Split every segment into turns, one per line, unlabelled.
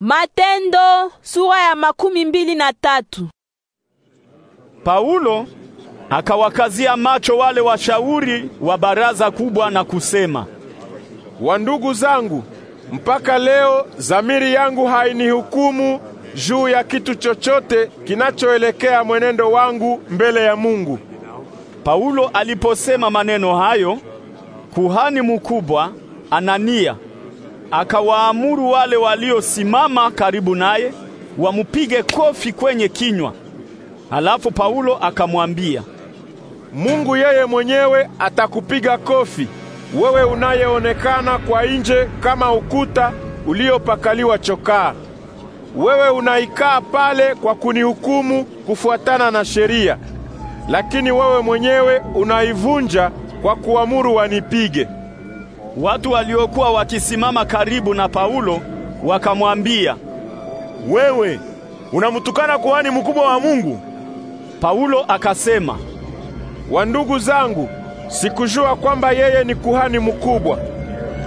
Matendo sura ya makumi mbili na tatu.
Paulo akawakazia macho wale washauri wa baraza kubwa na kusema, wandugu zangu, mpaka leo zamiri yangu hainihukumu juu ya kitu chochote kinachoelekea mwenendo wangu mbele ya Mungu. Paulo aliposema maneno hayo, kuhani mkubwa Anania akawaamuru wale waliosimama karibu naye wamupige kofi kwenye kinywa. Halafu Paulo akamwambia, Mungu yeye mwenyewe atakupiga kofi wewe unayeonekana kwa nje kama ukuta uliopakaliwa chokaa. Wewe unaikaa pale kwa kunihukumu kufuatana na sheria, lakini wewe mwenyewe unaivunja kwa kuamuru wanipige. Watu waliokuwa wakisimama karibu na Paulo wakamwambia, wewe unamtukana kuhani mkubwa wa Mungu. Paulo akasema, wandugu zangu, sikujua kwamba yeye ni kuhani mkubwa,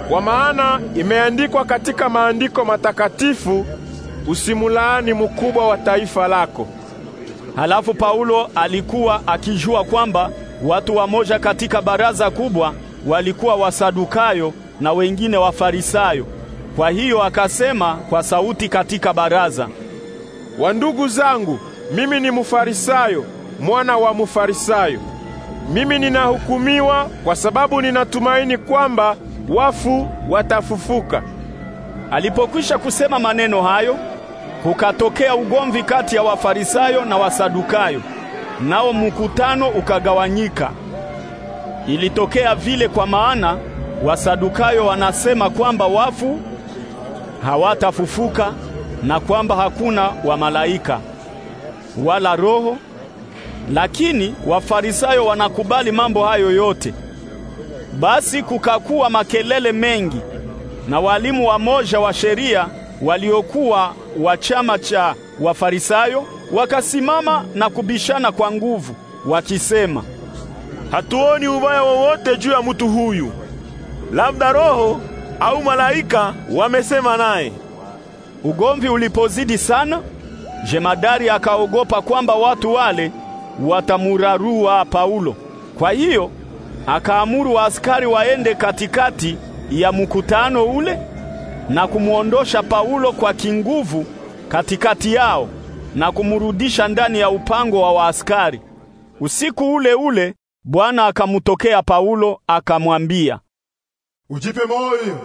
kwa maana imeandikwa katika maandiko matakatifu, usimulaani mkubwa wa taifa lako. Halafu Paulo alikuwa akijua kwamba watu wamoja katika baraza kubwa walikuwa Wasadukayo na wengine Wafarisayo. Kwa hiyo akasema kwa sauti katika baraza, wandugu zangu, mimi ni Mufarisayo, mwana wa Mufarisayo. Mimi ninahukumiwa kwa sababu ninatumaini kwamba wafu watafufuka. Alipokwisha kusema maneno hayo, kukatokea ugomvi kati ya Wafarisayo na Wasadukayo, nao mkutano ukagawanyika. Ilitokea vile kwa maana Wasadukayo wanasema kwamba wafu hawatafufuka na kwamba hakuna wa malaika wala roho, lakini Wafarisayo wanakubali mambo hayo yote. Basi kukakuwa makelele mengi, na walimu wa moja wa sheria waliokuwa wa chama cha Wafarisayo wakasimama na kubishana kwa nguvu wakisema hatuoni ubaya wowote juu ya mtu huyu, labda roho au malaika wamesema naye. Ugomvi ulipozidi sana, jemadari akaogopa kwamba watu wale watamurarua Paulo. Kwa hiyo akaamuru askari waende katikati ya mkutano ule na kumwondosha Paulo kwa kinguvu katikati yao na kumrudisha ndani ya upango wa waaskari. Usiku ule ule Bwana akamutokea Paulo akamwambia, ujipe moyo,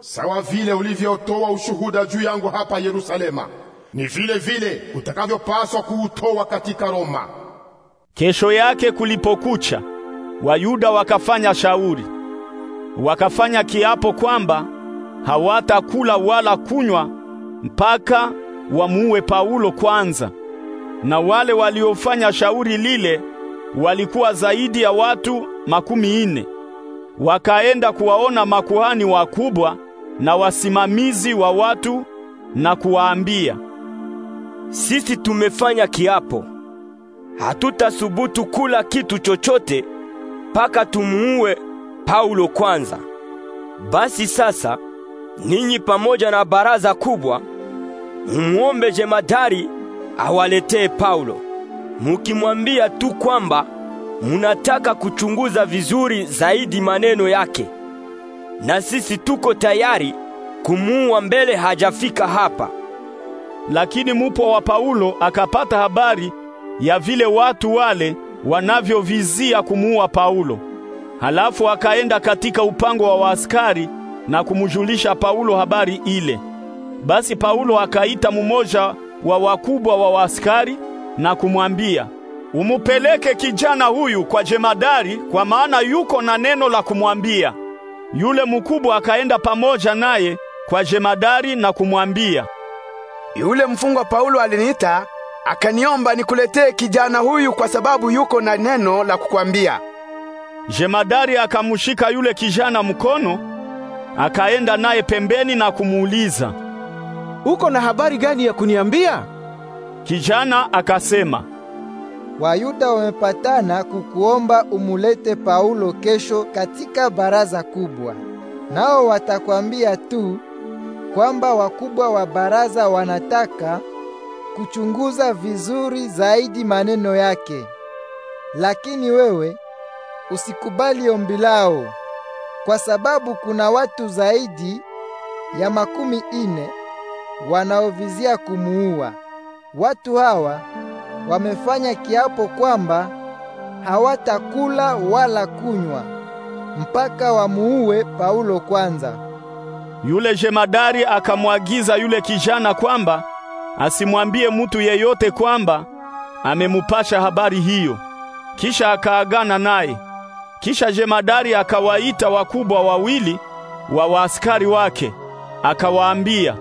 sawa vile ulivyotoa ushuhuda juu yangu hapa Yerusalema, ni vile vile utakavyopaswa kuutoa katika Roma. Kesho yake kulipokucha, Wayuda wakafanya shauri, wakafanya kiapo kwamba hawatakula wala kunywa mpaka wamuue Paulo kwanza, na wale waliofanya shauri lile walikuwa zaidi ya watu makumi ine. Wakaenda kuwaona makuhani wakubwa na wasimamizi wa watu na kuwaambia, sisi tumefanya kiapo, hatutasubutu kula kitu chochote mpaka tumuue Paulo kwanza. Basi sasa, ninyi pamoja na baraza kubwa mumuombe jemadari awaletee Paulo mukimwambia tu kwamba munataka kuchunguza vizuri zaidi maneno yake, na sisi tuko tayari kumuua mbele hajafika hapa. Lakini mupo wa Paulo akapata habari ya vile watu wale wanavyovizia kumuua Paulo. Halafu akaenda katika upango wa waaskari na kumjulisha Paulo habari ile. Basi Paulo akaita mmoja wa wakubwa wa waaskari na kumwambia, umupeleke kijana huyu kwa jemadari, kwa maana yuko na neno la kumwambia. Yule mkubwa akaenda pamoja naye kwa jemadari na kumwambia, yule mfungwa Paulo aliniita akaniomba nikuletee kijana huyu kwa sababu yuko na neno la kukwambia. Jemadari akamshika yule kijana mkono, akaenda naye pembeni na kumuuliza, uko na habari gani ya kuniambia? Kijana akasema,
Wayuda wamepatana kukuomba umulete Paulo kesho katika baraza kubwa. Nao watakwambia tu kwamba wakubwa wa baraza wanataka kuchunguza vizuri zaidi maneno yake. Lakini wewe usikubali ombi lao, kwa sababu kuna watu zaidi ya makumi ine wanaovizia kumuua. Watu hawa wamefanya kiapo kwamba hawatakula wala kunywa mpaka wamuue Paulo kwanza.
Yule jemadari akamwagiza yule kijana kwamba asimwambie mutu yeyote kwamba amemupasha habari hiyo. Kisha akaagana naye. Kisha jemadari akawaita wakubwa wawili wa waaskari wake, akawaambia,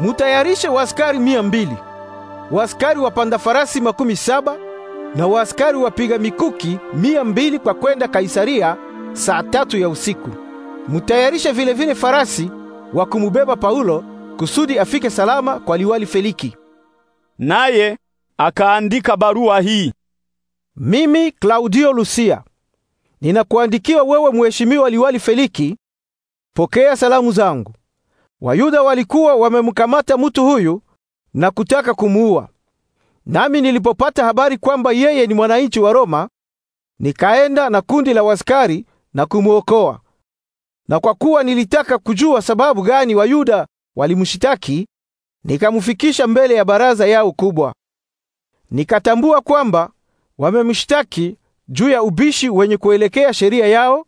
mutayarishe waaskari mia mbili waaskari wapanda farasi makumi saba na waaskari wapiga mikuki mia mbili kwa kwenda Kaisaria saa tatu ya usiku. Mutayarishe vilevile farasi wa kumubeba Paulo kusudi afike salama kwa liwali Feliki. Naye akaandika barua hii: Mimi Klaudio Lusia ninakuandikia wewe mheshimiwa liwali Feliki, pokea salamu zangu. Wayuda walikuwa wamemkamata mtu huyu na kutaka kumuua. Nami nilipopata habari kwamba yeye ni mwananchi wa Roma, nikaenda na kundi la waskari na kumwokoa. Na kwa kuwa nilitaka kujua sababu gani Wayuda walimshitaki, nikamfikisha mbele ya baraza yao kubwa. Nikatambua kwamba wamemshtaki juu ya ubishi wenye kuelekea sheria yao,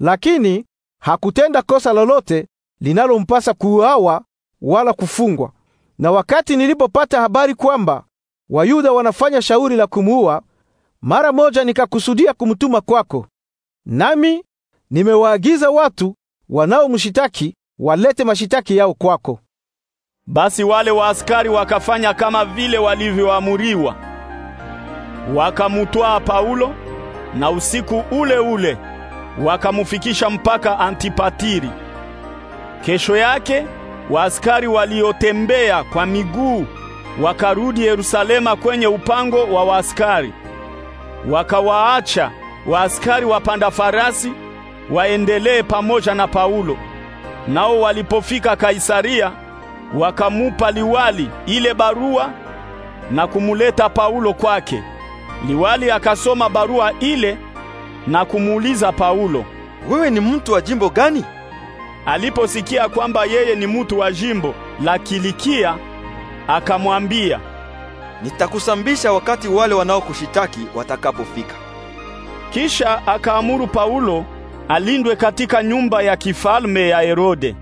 lakini hakutenda kosa lolote linalompasa kuuawa wala kufungwa. Na wakati nilipopata habari kwamba Wayuda wanafanya shauri la kumuua, mara moja nikakusudia kumtuma kwako. Nami nimewaagiza watu wanaomshitaki walete mashitaki yao kwako.
Basi wale waaskari wakafanya kama vile walivyoamuriwa. Wakamutwaa Paulo na usiku ule ule wakamufikisha mpaka Antipatiri. Kesho yake waaskari waliotembea kwa miguu wakarudi Yerusalema kwenye upango wa waaskari. Wakawaacha waaskari wapanda farasi waendelee pamoja na Paulo. Nao walipofika Kaisaria wakamupa liwali ile barua na kumuleta Paulo kwake. Liwali akasoma barua ile na kumuuliza Paulo, wewe ni mtu wa jimbo gani? Aliposikia kwamba yeye ni mtu wa jimbo la Kilikia, akamwambia, nitakusambisha wakati wale wanaokushitaki watakapofika. Kisha akaamuru Paulo alindwe katika nyumba ya kifalme ya Herode.